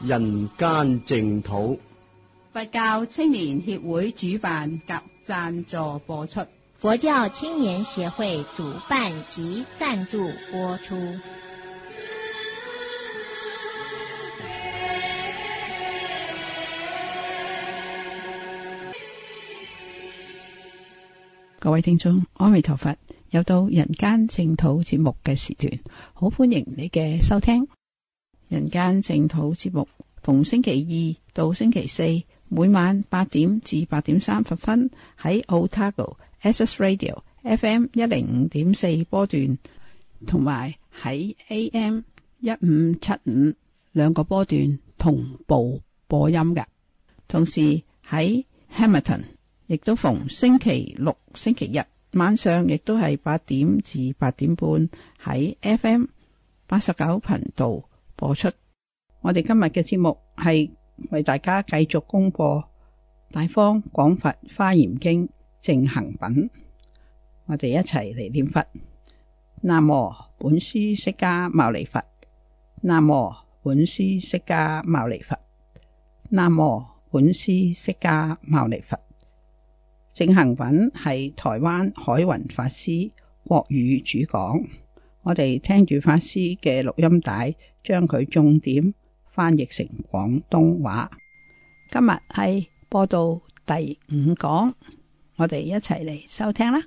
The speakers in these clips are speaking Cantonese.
人間淨土，佛教青年協會主辦及贊助播出。佛教青年協會主辦及贊助播出。各位聽眾，阿彌陀佛，又到人間淨土節目嘅時段，好歡迎你嘅收聽。人間淨土節目，逢星期二到星期四每晚八點至八點三十分喺 Otago Access Radio F.M. 一零五點四波段，同埋喺 A.M. 一五七五兩個波段同步播音嘅。同時喺 Hamilton 亦都逢星期六、星期日晚上，亦都係八點至八點半喺 F.M. 八十九頻道。播出我哋今日嘅節目係為大家繼續公布《大方廣佛花嚴經正行品》，我哋一齊嚟念佛。南無本師釋迦牟尼佛。南無本師釋迦牟尼佛。南無本師釋迦牟尼佛。正行品係台灣海雲法師國語主講，我哋聽住法師嘅錄音帶。將佢重點翻譯成廣東話。今日係播到第五講，我哋一齊嚟收聽啦。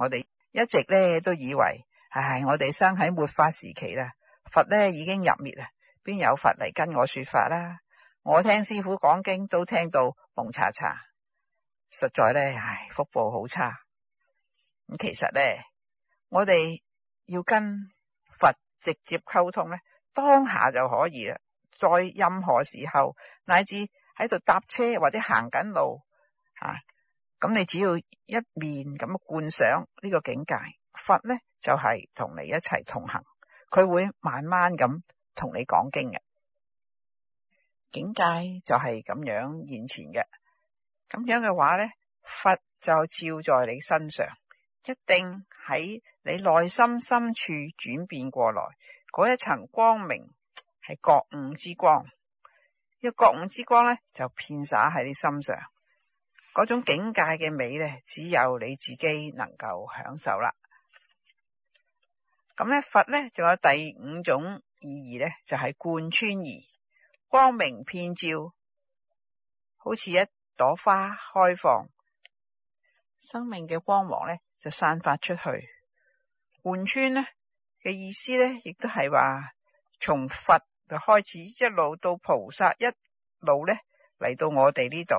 我哋一直咧都以為，唉，我哋生喺末法時期啦，佛咧已經入滅啦，邊有佛嚟跟我說法啦？我聽師傅講經都聽到蒙查查，實在咧，唉，福報好差。咁其實咧，我哋要跟。直接溝通呢，當下就可以啦。在任何時候，乃至喺度搭車或者行緊路，吓、啊、咁你只要一面咁觀想呢個境界，佛呢就係、是、同你一齊同行，佢會慢慢咁同你講經嘅。境界就係咁樣現前嘅，咁樣嘅話呢，佛就照在你身上，一定喺。你內心深處轉變過來嗰一層光明係覺悟之光，呢個覺悟之光咧就遍灑喺你心上。嗰種境界嘅美咧，只有你自己能夠享受啦。咁咧，佛咧仲有第五種意義咧，就係貫穿而光明遍照，好似一朵花開放，生命嘅光芒咧就散發出去。貫穿呢嘅意思呢，亦都係話從佛就開始，一路到菩薩，一路呢嚟，到我哋呢度，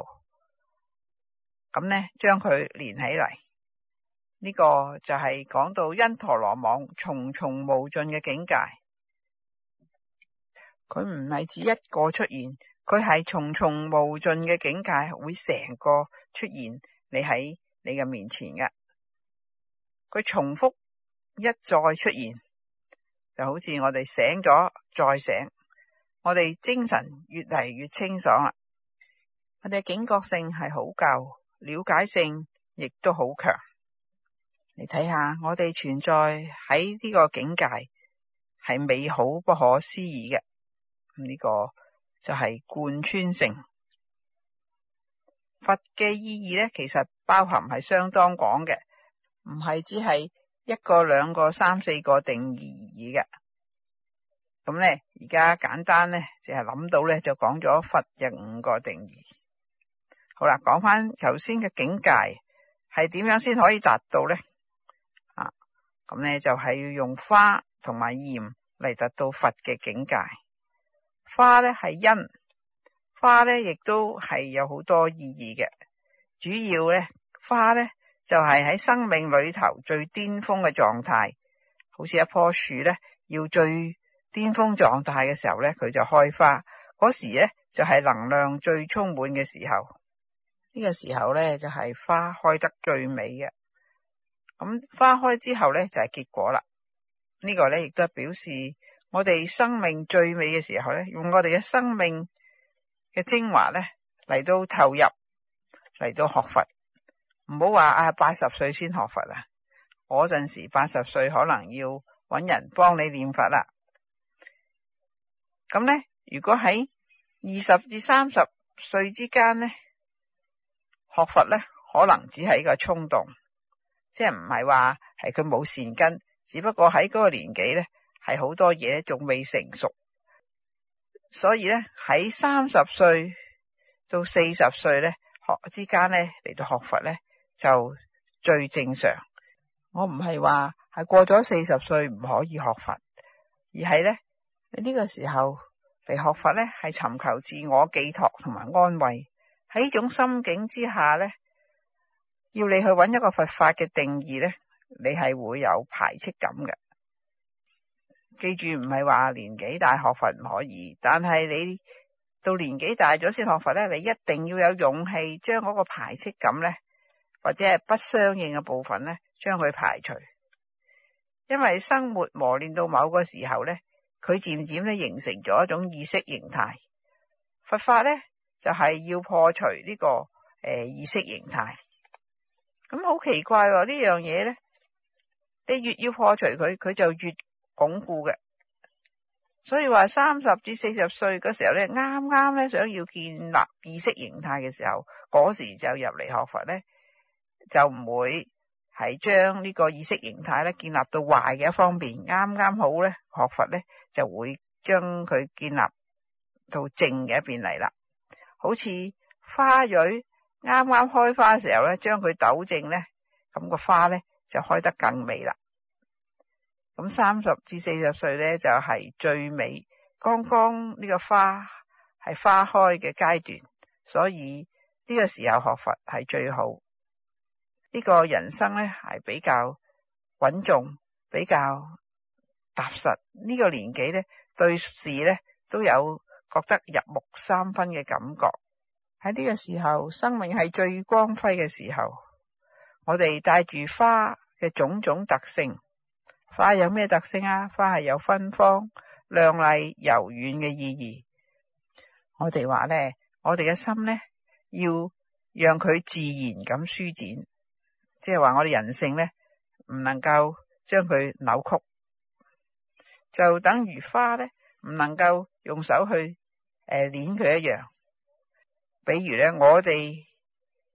咁呢將佢連起嚟。呢、這個就係講到因陀羅網，重重無盡嘅境界。佢唔係指一個出現，佢係重重無盡嘅境界會成個出現你喺你嘅面前噶。佢重複。一再出現，就好似我哋醒咗再醒，我哋精神越嚟越清爽啦。我哋警覺性係好夠，了解性亦都好強。你睇下，我哋存在喺呢個境界係美好不可思議嘅。呢個就係貫穿性。佛嘅意義呢，其實包含係相當廣嘅，唔係只係。一個、兩個、三四個定義嘅，咁咧而家簡單咧，淨係諗到咧就講咗佛嘅五個定義。好啦，講翻頭先嘅境界係點樣先可以達到咧？啊，咁咧就係、是、要用花同埋鹽嚟達到佛嘅境界。花咧係因，花咧亦都係有好多意義嘅，主要咧花咧。就係喺生命裏頭最巔峰嘅狀態，好似一棵樹咧，要最巔峰狀態嘅時候咧，佢就開花，嗰時咧就係、是、能量最充滿嘅時候。呢、這個時候咧就係、是、花開得最美嘅。咁花開之後咧就係、是、結果啦。這個、呢個咧亦都表示我哋生命最美嘅時候咧，用我哋嘅生命嘅精華咧嚟到，投入嚟到學佛。唔好話啊！八十歲先學佛啊！嗰陣時八十歲可能要揾人幫你念佛啦。咁呢，如果喺二十至三十歲之間呢，學佛呢可能只係一個衝動，即係唔係話係佢冇善根，只不過喺嗰個年紀呢係好多嘢仲未成熟，所以呢，喺三十歲到四十歲呢，學之間呢嚟到學佛呢。就最正常。我唔係話係過咗四十歲唔可以學佛，而係呢，呢個時候嚟學佛呢，係尋求自我寄託同埋安慰。喺呢種心境之下呢，要你去揾一個佛法嘅定義呢，你係會有排斥感嘅。記住唔係話年紀大學佛唔可以，但係你到年紀大咗先學佛呢，你一定要有勇氣將嗰個排斥感呢。或者係不相應嘅部分咧，將佢排除，因為生活磨練到某個時候咧，佢漸漸咧形成咗一種意識形態。佛法咧就係、是、要破除呢、這個誒、呃、意識形態。咁好奇怪、哦、呢樣嘢咧，你越要破除佢，佢就越鞏固嘅。所以話三十至四十歲嘅時候咧，啱啱咧想要建立意識形態嘅時候，嗰時就入嚟學佛咧。就唔會係將呢個意識形態咧建立到壞嘅一方面。啱啱好咧，學佛咧就會將佢建立到正嘅一邊嚟啦。好似花蕊啱啱開花嘅時候咧，將佢糾正咧，咁個花咧就開得更美啦。咁三十至四十歲咧就係、是、最美，剛剛呢個花係花開嘅階段，所以呢個時候學佛係最好。呢個人生呢係比較穩重，比較踏實。呢個年紀呢，對事呢都有覺得入木三分嘅感覺。喺呢個時候，生命係最光輝嘅時候。我哋帶住花嘅種種特性，花有咩特性啊？花係有芬芳、亮麗、柔軟嘅意義。我哋話呢，我哋嘅心呢，要讓佢自然咁舒展。即係話我哋人性咧，唔能夠將佢扭曲，就等於花咧唔能夠用手去誒捻佢一樣。比如咧，我哋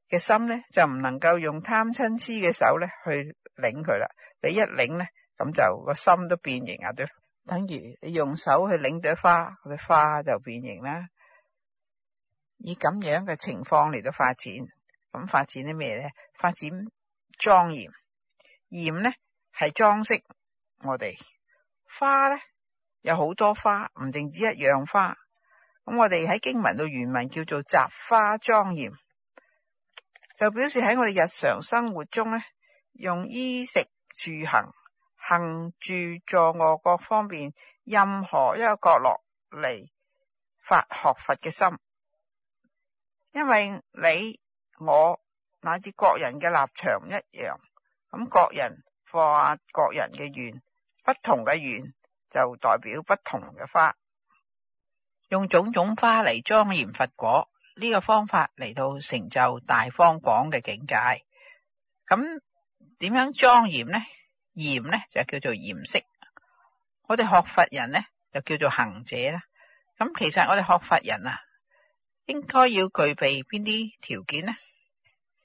嘅心咧就唔能夠用貪嗔癡嘅手咧去擰佢啦。你一擰咧，咁就個心都變形啊！對，等於你用手去擰朵花，嗰朵花就變形啦。以咁樣嘅情況嚟到發展，咁發展啲咩咧？發展。莊嚴，嚴呢，係裝飾我哋花呢，有好多花，唔淨止一樣花。咁我哋喺經文到原文叫做雜花莊嚴，就表示喺我哋日常生活中呢，用衣食住行、行住坐臥各方面任何一個角落嚟發學佛嘅心，因為你我。乃至各人嘅立場唔一樣，咁各人化各人嘅願，不同嘅願就代表不同嘅花，用種種花嚟莊嚴佛果呢個方法嚟到，成就大方廣嘅境界。咁點樣莊嚴呢？嚴呢就叫做嚴飾。我哋學佛人呢就叫做行者啦。咁其實我哋學佛人啊，應該要具備邊啲條件呢？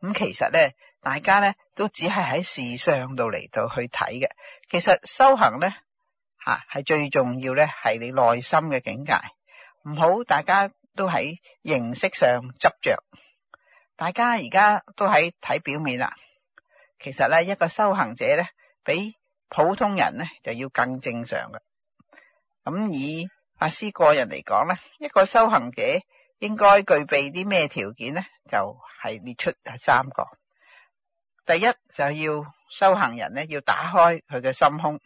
咁其實咧，大家咧都只係喺事上度嚟到去睇嘅。其實修行咧，吓、啊、係最重要咧，係你內心嘅境界。唔好大家都喺形式上執着。大家而家都喺睇表面啦。其實咧，一個修行者咧，比普通人咧就要更正常嘅。咁、嗯、以阿師個人嚟講咧，一個修行者。應該具備啲咩條件呢？就係列出三個。第一就要修行人咧，要打開佢嘅心胸，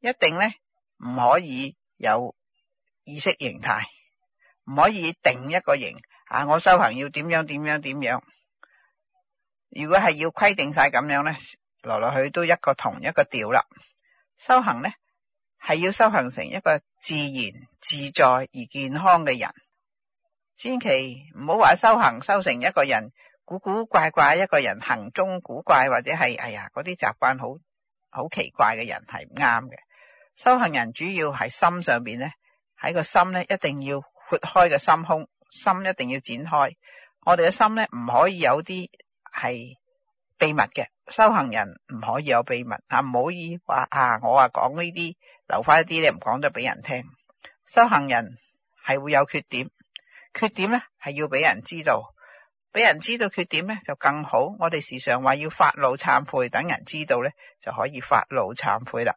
一定咧唔可以有意識形態，唔可以定一個型啊！我修行要點樣點樣點樣？如果係要規定晒咁樣咧，來來去都一個同一個調啦。修行咧係要修行成一個自然自在而健康嘅人。千祈唔好話修行修成一個人古古怪怪，一個人行蹤古怪，或者係哎呀嗰啲習慣好好奇怪嘅人係唔啱嘅。修行人主要係心上邊咧，喺個心咧一定要豁開嘅心胸，心一定要展開。我哋嘅心咧唔可以有啲係秘密嘅，修行人唔可以有秘密啊！唔可以話啊，我話講呢啲留翻一啲，你唔講咗俾人聽。修行人係會有缺點。缺點咧係要俾人知道，俾人知道缺點咧就更好。我哋時常話要發露懺悔，等人知道咧就可以發露懺悔啦。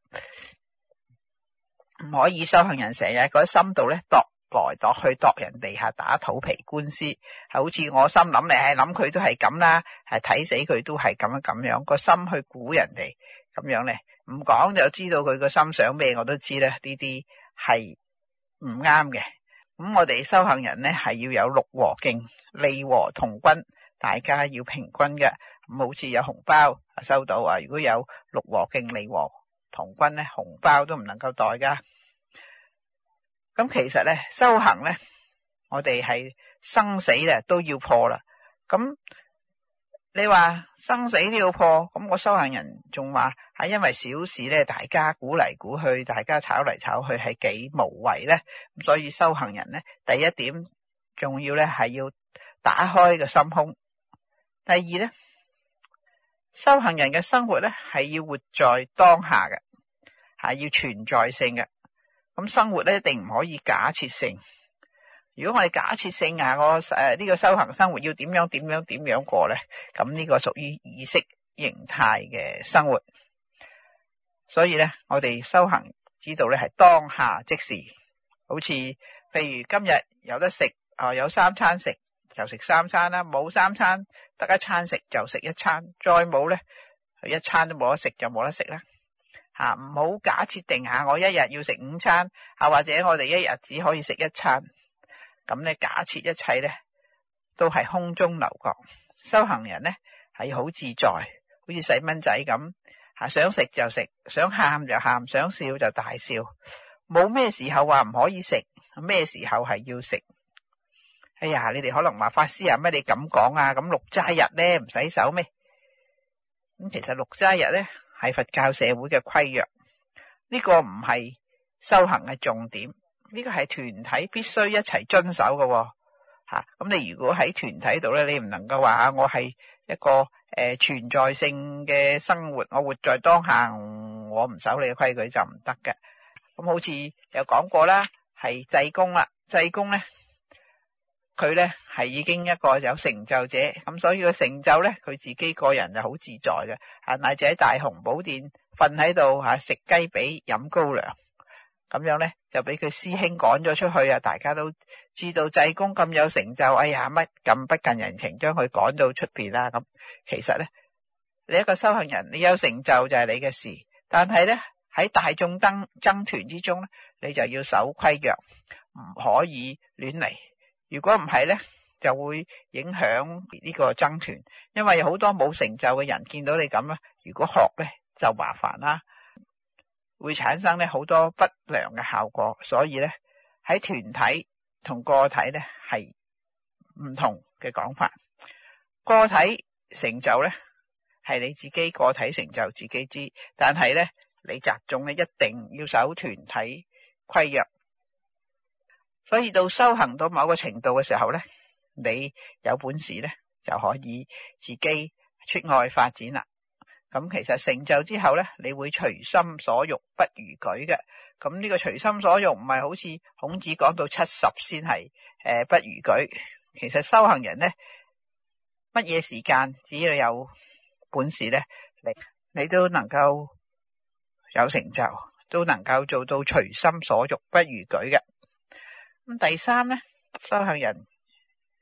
唔可以修行人成日喺心度咧度來度去度人地下打肚皮官司，好似我心諗嚟，係諗佢都係咁啦，係睇死佢都係咁樣咁樣個心去估人哋咁樣咧，唔講就知道佢個心想咩，我都知啦。呢啲係唔啱嘅。咁我哋修行人呢係要有六和敬、利和同均，大家要平均嘅。咁好似有紅包收到啊，如果有六和敬、利和同均呢，紅包都唔能夠袋噶。咁其實呢，修行呢，我哋係生死咧都要破啦。咁你話生死要破，咁我修行人仲話係因為小事咧，大家估嚟估去，大家炒嚟炒去，係幾無謂咧？咁所以修行人咧，第一點重要咧係要打開個心胸。第二咧，修行人嘅生活咧係要活在當下嘅，係要存在性嘅。咁生活咧一定唔可以假設性。如果我哋假設性啊，我誒呢個修行生活要點樣點樣點樣過咧？咁呢個屬於意識形態嘅生活，所以咧，我哋修行知道咧係當下即時。好似譬如今日有得食啊，有三餐食就食三餐啦，冇三餐得一餐食就食一餐，再冇咧一餐都冇得食就冇得食啦。嚇、啊，唔好假設定下我一日要食五餐，啊或者我哋一日只可以食一餐。咁咧，假設一切咧都係空中樓閣，修行人呢係好自在，好似細蚊仔咁嚇，想食就食，想喊就喊，想笑就大笑，冇咩時候話唔可以食，咩時候係要食。哎呀，你哋可能話法師啊，咩你咁講啊？咁六齋日咧唔洗守咩？咁、嗯、其實六齋日咧係佛教社會嘅規約，呢、這個唔係修行嘅重點。呢個係團體必須一齊遵守嘅。哦、吓、啊、咁你如果喺團體度咧，你唔能夠話我係一個誒、呃、存在性嘅生活，我活在當下，我唔守你規矩就唔得嘅。咁、啊、好似有講過啦，係濟公啦，濟公咧，佢咧係已經一個有成就者，咁所以個成就咧，佢自己個人就好自在嘅，啊，乃至喺大雄寶殿瞓喺度吓，食、啊、雞髀飲高粱。咁樣咧，就俾佢師兄趕咗出去啊！大家都知道濟公咁有成就，哎呀乜咁不近人情，將佢趕到出邊啦。咁其實咧，你一個修行人，你有成就就係你嘅事。但係咧，喺大眾爭爭團之中咧，你就要守規約，唔可以亂嚟。如果唔係咧，就會影響呢個爭團，因為好多冇成就嘅人見到你咁啊，如果學咧就麻煩啦。會產生咧好多不良嘅效果，所以咧喺團體同個體咧係唔同嘅講法。個體成就咧係你自己個體成就自己知，但係咧你集中咧一定要守團體規約。所以到修行到某個程度嘅時候咧，你有本事咧就可以自己出外發展啦。咁其實成就之後咧，你會隨心所欲不逾矩嘅。咁呢個隨心所欲唔係好似孔子講到七十先係誒不逾矩。其實修行人咧，乜嘢時間只要你有本事咧，你你都能夠有成就，都能夠做到隨心所欲不逾矩嘅。咁第三咧，修行人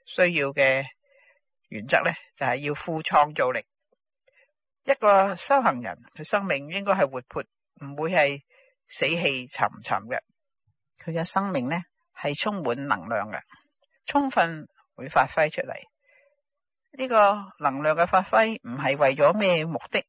需要嘅原則咧，就係要富創造力。一個修行人，佢生命應該係活潑，唔會係死氣沉沉嘅。佢嘅生命呢係充滿能量嘅，充分會發揮出嚟。呢個能量嘅發揮唔係為咗咩目的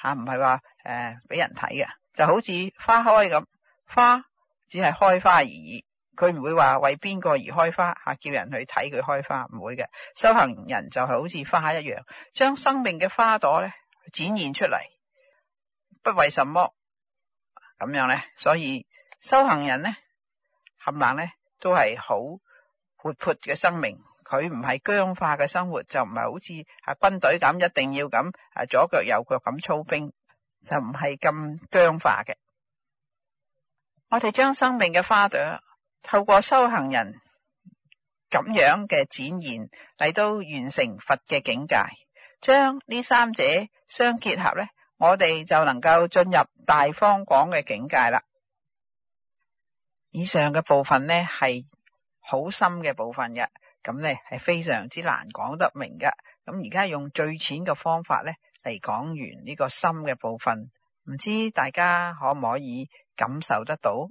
吓，唔係話誒俾人睇嘅，就好似花開咁。花只係開花而已，佢唔會話為邊個而開花吓，叫人去睇佢開花唔會嘅。修行人就係好似花一樣，將生命嘅花朵呢，展現出嚟，不為什麼咁樣咧，所以修行人咧，冚唪唥咧都係好活潑嘅生命，佢唔係僵化嘅生活，就唔係好似係軍隊咁一定要咁啊，左腳右腳咁操兵，就唔係咁僵化嘅。我哋將生命嘅花朵透過修行人咁樣嘅展現，嚟到完成佛嘅境界。將呢三者相結合呢，我哋就能夠進入大方廣嘅境界啦。以上嘅部分呢係好深嘅部分嘅，咁呢係非常之難講得明㗎。咁而家用最淺嘅方法呢嚟講完呢個深嘅部分，唔知大家可唔可以感受得到？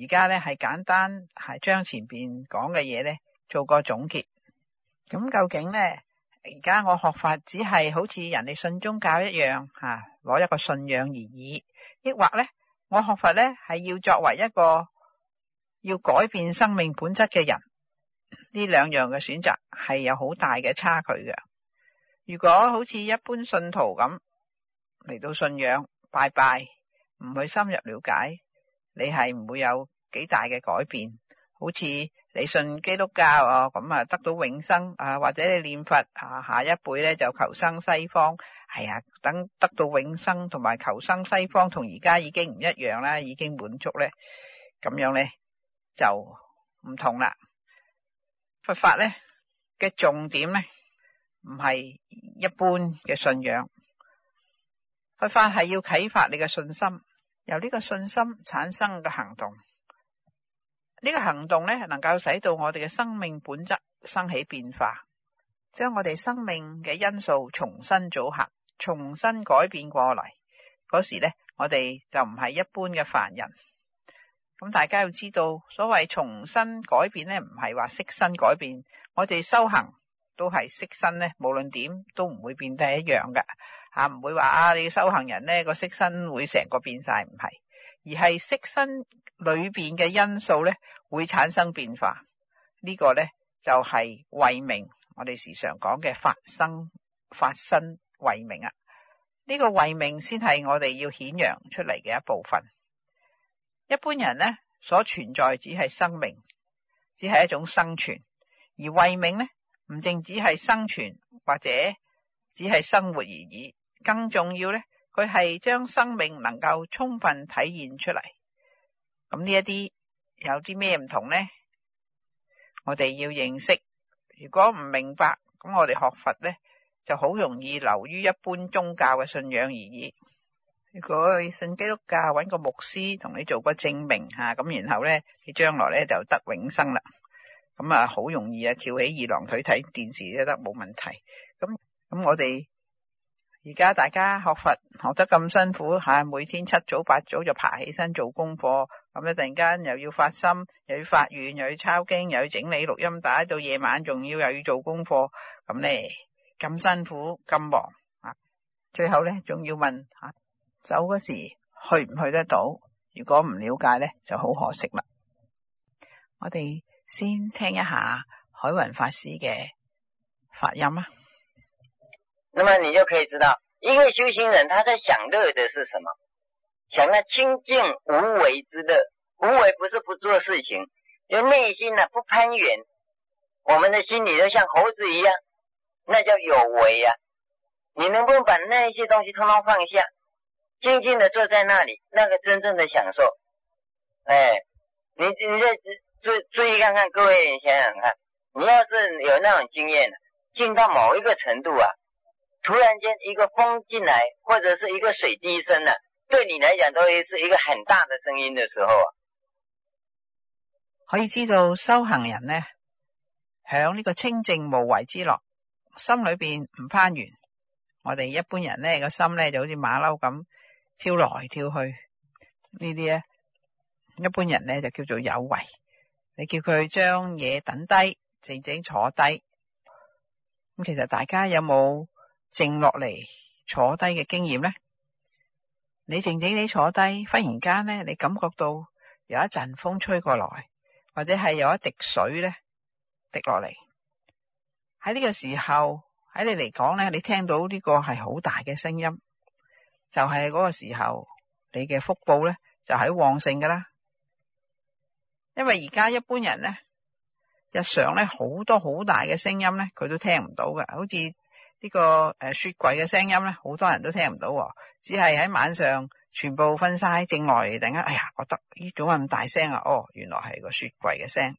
而家呢係簡單係將前邊講嘅嘢呢做個總結。咁究竟呢？而家我學佛只係好似人哋信宗教一樣吓，攞、啊、一個信仰而已。抑或咧，我學佛咧係要作為一個要改變生命本質嘅人，呢兩樣嘅選擇係有好大嘅差距嘅。如果好似一般信徒咁嚟到信仰，拜拜，唔去深入了解，你係唔會有幾大嘅改變，好似。你信基督教啊，咁、哦、啊得到永生啊，或者你念佛啊，下一輩咧就求生西方。係、哎、啊，等得到永生同埋求生西方，同而家已經唔一樣啦，已經滿足咧，咁樣咧就唔同啦。佛法咧嘅重點咧唔係一般嘅信仰，佛法係要啟發你嘅信心，由呢個信心產生嘅行動。呢個行動咧係能夠使到我哋嘅生命本質生起變化，將我哋生命嘅因素重新組合、重新改變過嚟。嗰時咧，我哋就唔係一般嘅凡人。咁大家要知道，所謂重新改變咧，唔係話色身改變。我哋修行都係色身咧，無論點都唔會變得一樣嘅。吓、啊，唔會話啊，你修行人咧個色身會成個變晒，唔係，而係色身。裏邊嘅因素咧會產生變化，這個、呢個咧就係、是、慧命，我哋時常講嘅發生發生慧命啊！呢、這個慧命先係我哋要顯揚出嚟嘅一部分。一般人咧所存在只係生命，只係一種生存，而慧命咧唔淨只係生存或者只係生活而已，更重要咧佢係將生命能夠充分體現出嚟。咁呢一啲有啲咩唔同咧？我哋要認識。如果唔明白，咁我哋學佛咧就好容易流於一般宗教嘅信仰而已。如果你信基督教，揾個牧師同你做個證明吓，咁然後咧你將來咧就得永生啦。咁啊，好容易啊，翹起二郎腿睇電視都得，冇問題。咁咁，我哋。而家大家學佛學得咁辛苦，吓，每天七早八早就爬起身做功課，咁一陣間又要發心，又要發願，又要抄經，又要整理錄音帶，到夜晚仲要又要做功課，咁咧咁辛苦咁忙啊，最後咧仲要問吓走嗰時去唔去得到？如果唔了解咧，就好可惜啦。我哋先聽一下海雲法師嘅發音啊。那麼你就可以知道，一個修行人他在享樂的是什麼？享那清淨無為之樂。無為不是不做事情，就內心的、啊、不攀緣。我們的心裏就像猴子一樣，那叫有為呀、啊。你能不能把那些東西通通放下，靜靜的坐在那裏，那個真正的享受？哎，你你再注注意看看，各位你想想看，你要是有那種經驗，進到某一個程度啊。突然間一個風進來，或者是一個水滴聲呢、啊？對你嚟講都係是一個很大的聲音嘅時候啊，可以知道修行人呢，響呢個清淨無為之樂，心裏邊唔攀緣。我哋一般人呢、個心呢就好似馬騮咁跳來跳去，呢啲咧一般人呢，就叫做有為。你叫佢將嘢等低，靜靜坐低。咁其實大家有冇？靜落嚟坐低嘅經驗咧，你靜靜地坐低，忽然間咧，你感覺到有一陣風吹過來，或者係有一滴水咧滴落嚟。喺呢個時候，喺你嚟講咧，你聽到呢個係好大嘅聲音，就係、是、嗰個時候你嘅福報咧就喺旺盛噶啦。因為而家一般人咧，日常咧好多好大嘅聲音咧，佢都聽唔到嘅，好似。呢個誒雪櫃嘅聲音咧，好多人都聽唔到，只係喺晚上全部瞓晒，正來突然間，哎呀，覺得呢種咁大聲啊，哦，原來係個雪櫃嘅聲。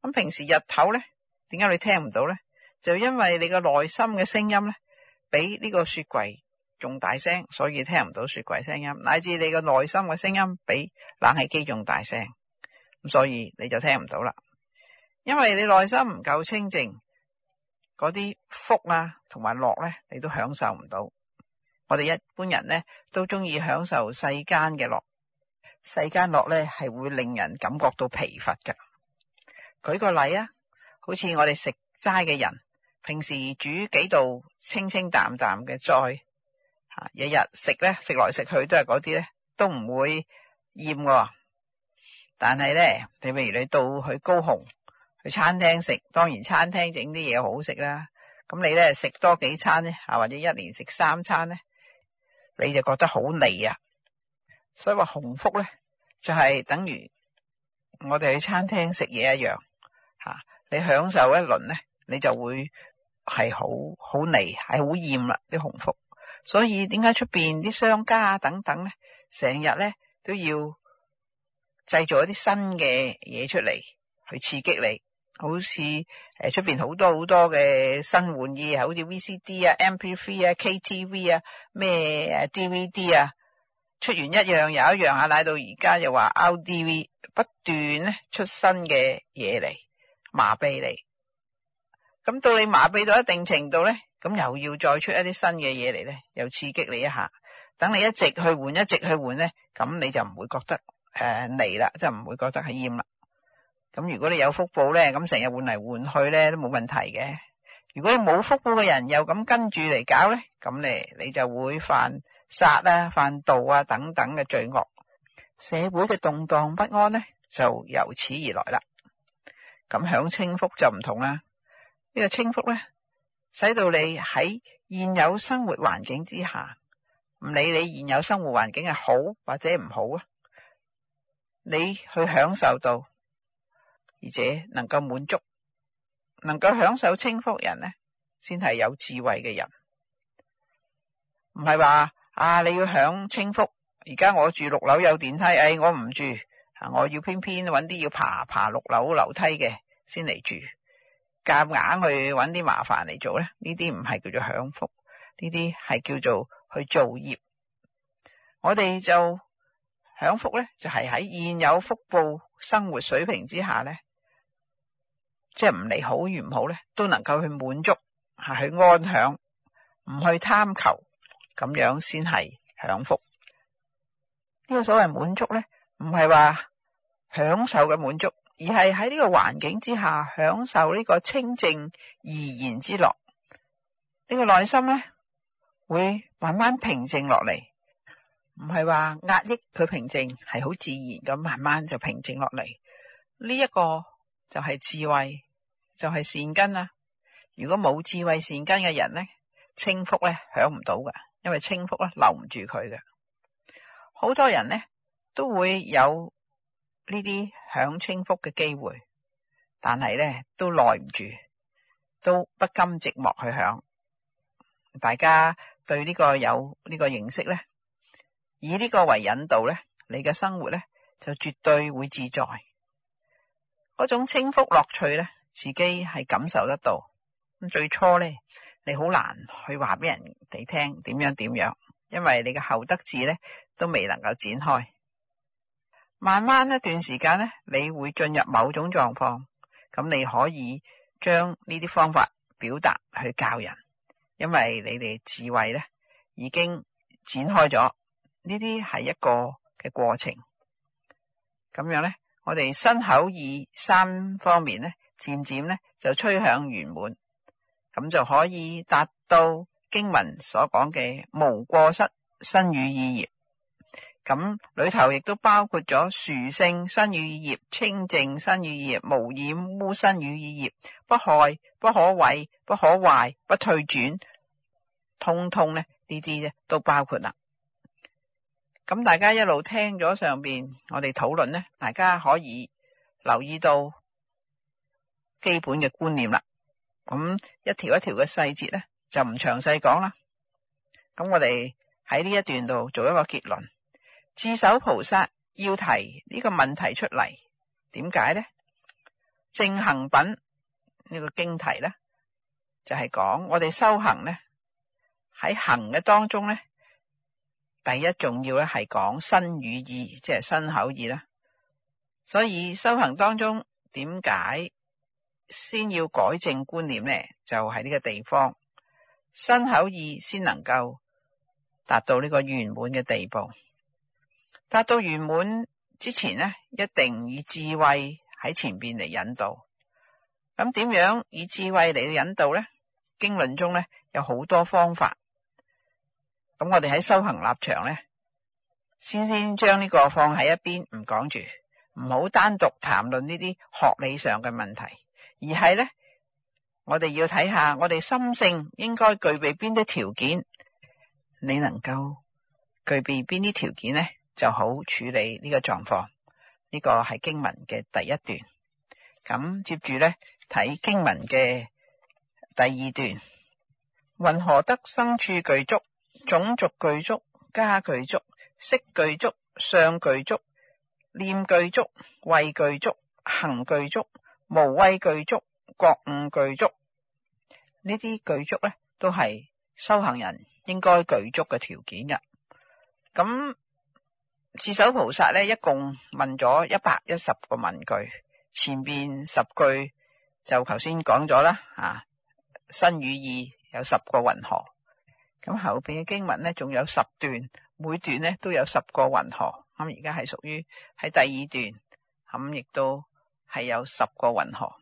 咁平時日頭咧，點解你聽唔到咧？就因為你個內心嘅聲音咧，比呢個雪櫃仲大聲，所以聽唔到雪櫃聲音，乃至你個內心嘅聲音比冷氣機仲大聲，咁所以你就聽唔到啦。因為你內心唔夠清靜。嗰啲福啊，同埋樂咧，你都享受唔到。我哋一般人咧都中意享受世間嘅樂，世間樂咧，係會令人感覺到疲乏噶。舉個例啊，好似我哋食齋嘅人，平時煮幾道清清淡淡嘅菜，吓，日日食咧，食來食去都係嗰啲咧，都唔會厭噶。但係咧，你譬如你到去高雄。去餐廳食，當然餐廳整啲嘢好食啦。咁你咧食多幾餐咧，嚇、啊、或者一年食三餐咧，你就覺得好膩啊。所以話紅福咧，就係、是、等於我哋去餐廳食嘢一樣嚇、啊。你享受一輪咧，你就會係好好膩，係好厭啦啲紅福。所以點解出邊啲商家、啊、等等咧，成日咧都要製造一啲新嘅嘢出嚟去刺激你？好似誒，出邊好多好多嘅新玩意，好似 VCD 啊、MP3 啊、KTV 啊、咩誒、啊、DVD 啊，出完一樣又一樣，啊嚟到而家又話 ODV，不斷咧出新嘅嘢嚟麻痹你。咁到你麻痹到一定程度咧，咁又要再出一啲新嘅嘢嚟咧，又刺激你一下。等你一直去換，一直去換咧，咁你就唔會覺得誒膩啦，即係唔會覺得係厭啦。咁如果你有福報咧，咁成日換嚟換去咧都冇問題嘅。如果你冇福報嘅人又咁跟住嚟搞咧，咁你你就會犯殺啊、犯盜啊等等嘅罪惡，社會嘅動盪不安咧就由此而來啦。咁享清福就唔同啦，呢個清福咧，使到你喺現有生活環境之下，唔理你現有生活環境係好或者唔好啊，你去享受到。而且能夠滿足、能夠享受清福人呢先係有智慧嘅人。唔係話啊，你要享清福。而家我住六樓有電梯，哎，我唔住，我要偏偏揾啲要爬爬六樓樓梯嘅先嚟住，夾硬，硬去揾啲麻煩嚟做咧。呢啲唔係叫做享福，呢啲係叫做去造業。我哋就享福咧，就係、是、喺現有福報生活水平之下咧。即係唔理好與唔好咧，都能夠去滿足，係去安享，唔去貪求，咁樣先係享福。呢個所謂滿足咧，唔係話享受嘅滿足，而係喺呢個環境之下享受呢個清靜怡然之樂。呢個內心咧會慢慢平靜落嚟，唔係話壓抑佢平靜，係好自然咁慢慢就平靜落嚟。呢一個就係智慧。就係善根啦、啊。如果冇智慧善根嘅人呢，清福咧享唔到嘅，因為清福咧留唔住佢嘅。好多人呢都會有呢啲享清福嘅機會，但係咧都耐唔住，都不甘寂寞去享。大家對呢個有呢個認識呢，以呢個為引導呢，你嘅生活呢就絕對會自在嗰種清福樂趣呢。自己係感受得到。最初呢，你好難去話俾人哋聽點樣點樣，因為你嘅後德智呢都未能夠展開。慢慢一段時間呢，你會進入某種狀況，咁你可以將呢啲方法表達去教人，因為你哋智慧呢已經展開咗。呢啲係一個嘅過程，咁樣呢，我哋身口意三方面呢。漸漸咧，就趨向圓滿，咁就可以達到經文所講嘅無過失身語意業。咁裏頭亦都包括咗殊勝身語意業、清淨身語意業、無染污身語意業，不害、不可毀、不可壞、不退轉，通通呢，呢啲啫都包括啦。咁大家一路聽咗上邊我哋討論呢，大家可以留意到。基本嘅觀念啦，咁一條一條嘅細節咧，就唔詳細講啦。咁我哋喺呢一段度做一個結論，智首菩薩要提呢個問題出嚟，點解咧？正行品呢，這個經題咧，就係、是、講我哋修行咧喺行嘅當中咧，第一重要咧係講身語意，即係身口意啦。所以修行當中點解？先要改正觀念呢，就喺呢個地方身口意先能夠達到呢個圓滿嘅地步。達到圓滿之前呢，一定以智慧喺前邊嚟引導咁點樣以智慧嚟引導呢？經論中呢，有好多方法。咁我哋喺修行立場呢，先先將呢個放喺一邊，唔講住，唔好單獨談論呢啲學理上嘅問題。而係咧，我哋要睇下我哋心性應該具備邊啲條件，你能夠具備邊啲條件咧，就好處理呢個狀況。呢個係經文嘅第一段。咁接住咧睇經文嘅第二段。云何得生處具足，種族具足，家具足，色具足，相具足，念具足，畏具足，行具足。無畏具足，覺悟具足，具足呢啲具足咧都係修行人應該具足嘅條件嘅。咁智首菩薩咧，一共問咗一百一十個問句，前邊十句就頭先講咗啦。啊，身語意有十個雲何，咁後邊嘅經文咧，仲有十段，每段咧都有十個雲何。咁而家係屬於喺第二段，咁亦都。係有十個雲河，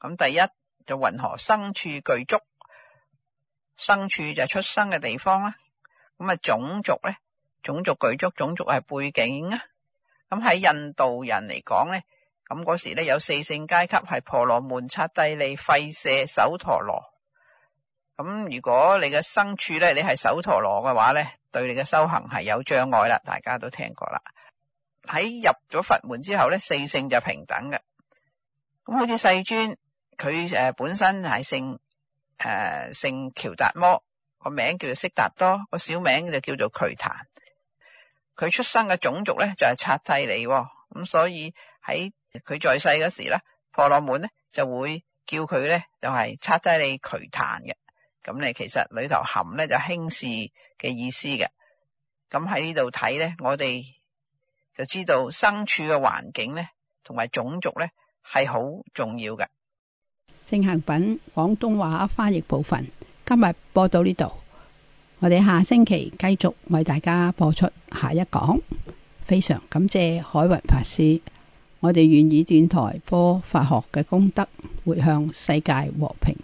咁第一就雲河，生處具足，生處就出生嘅地方啦。咁啊，種族咧，種族具足，種族係背景啊。咁喺印度人嚟講咧，咁嗰時咧有四姓階級係婆羅門、剎帝利、吠舍、首陀羅。咁如果你嘅生處咧，你係首陀羅嘅話咧，對你嘅修行係有障礙啦。大家都聽過啦。喺入咗佛門之後咧，四姓就平等嘅。咁好似世尊，佢，誒本身係姓誒、呃、姓喬達摩，個名叫做悉達多，個小名就叫做瞿曇。佢出生嘅種族咧就係、是、剎帝利，咁所以喺佢在世嗰時咧，婆羅門咧就會叫佢咧就係、是、剎帝利瞿曇嘅。咁你其實裏頭含咧就輕視嘅意思嘅。咁喺呢度睇咧，我哋就知道生處嘅環境咧，同埋種族咧。係好重要嘅。正行品廣東話翻譯部分今日播到呢度，我哋下星期繼續為大家播出下一講。非常感謝海雲法師，我哋願以電台播法學嘅功德，回向世界和平，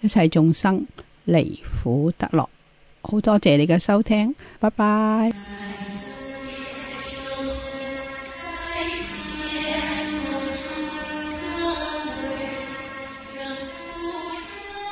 一切眾生離苦得樂。好多謝你嘅收聽，拜拜。